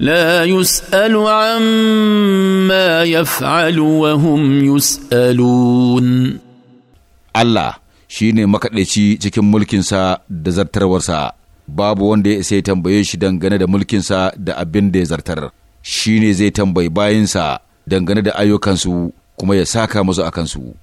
لا يسأل عما يفعل وهم يسألون الله shine makaɗaici cikin mulkin sa da zartarwarsa babu wanda ya isa ya tambaye shi dangane da mulkin sa da abin da ya zartar shine zai tambayi bayinsa dangane da ayyukan su kuma ya saka musu akansu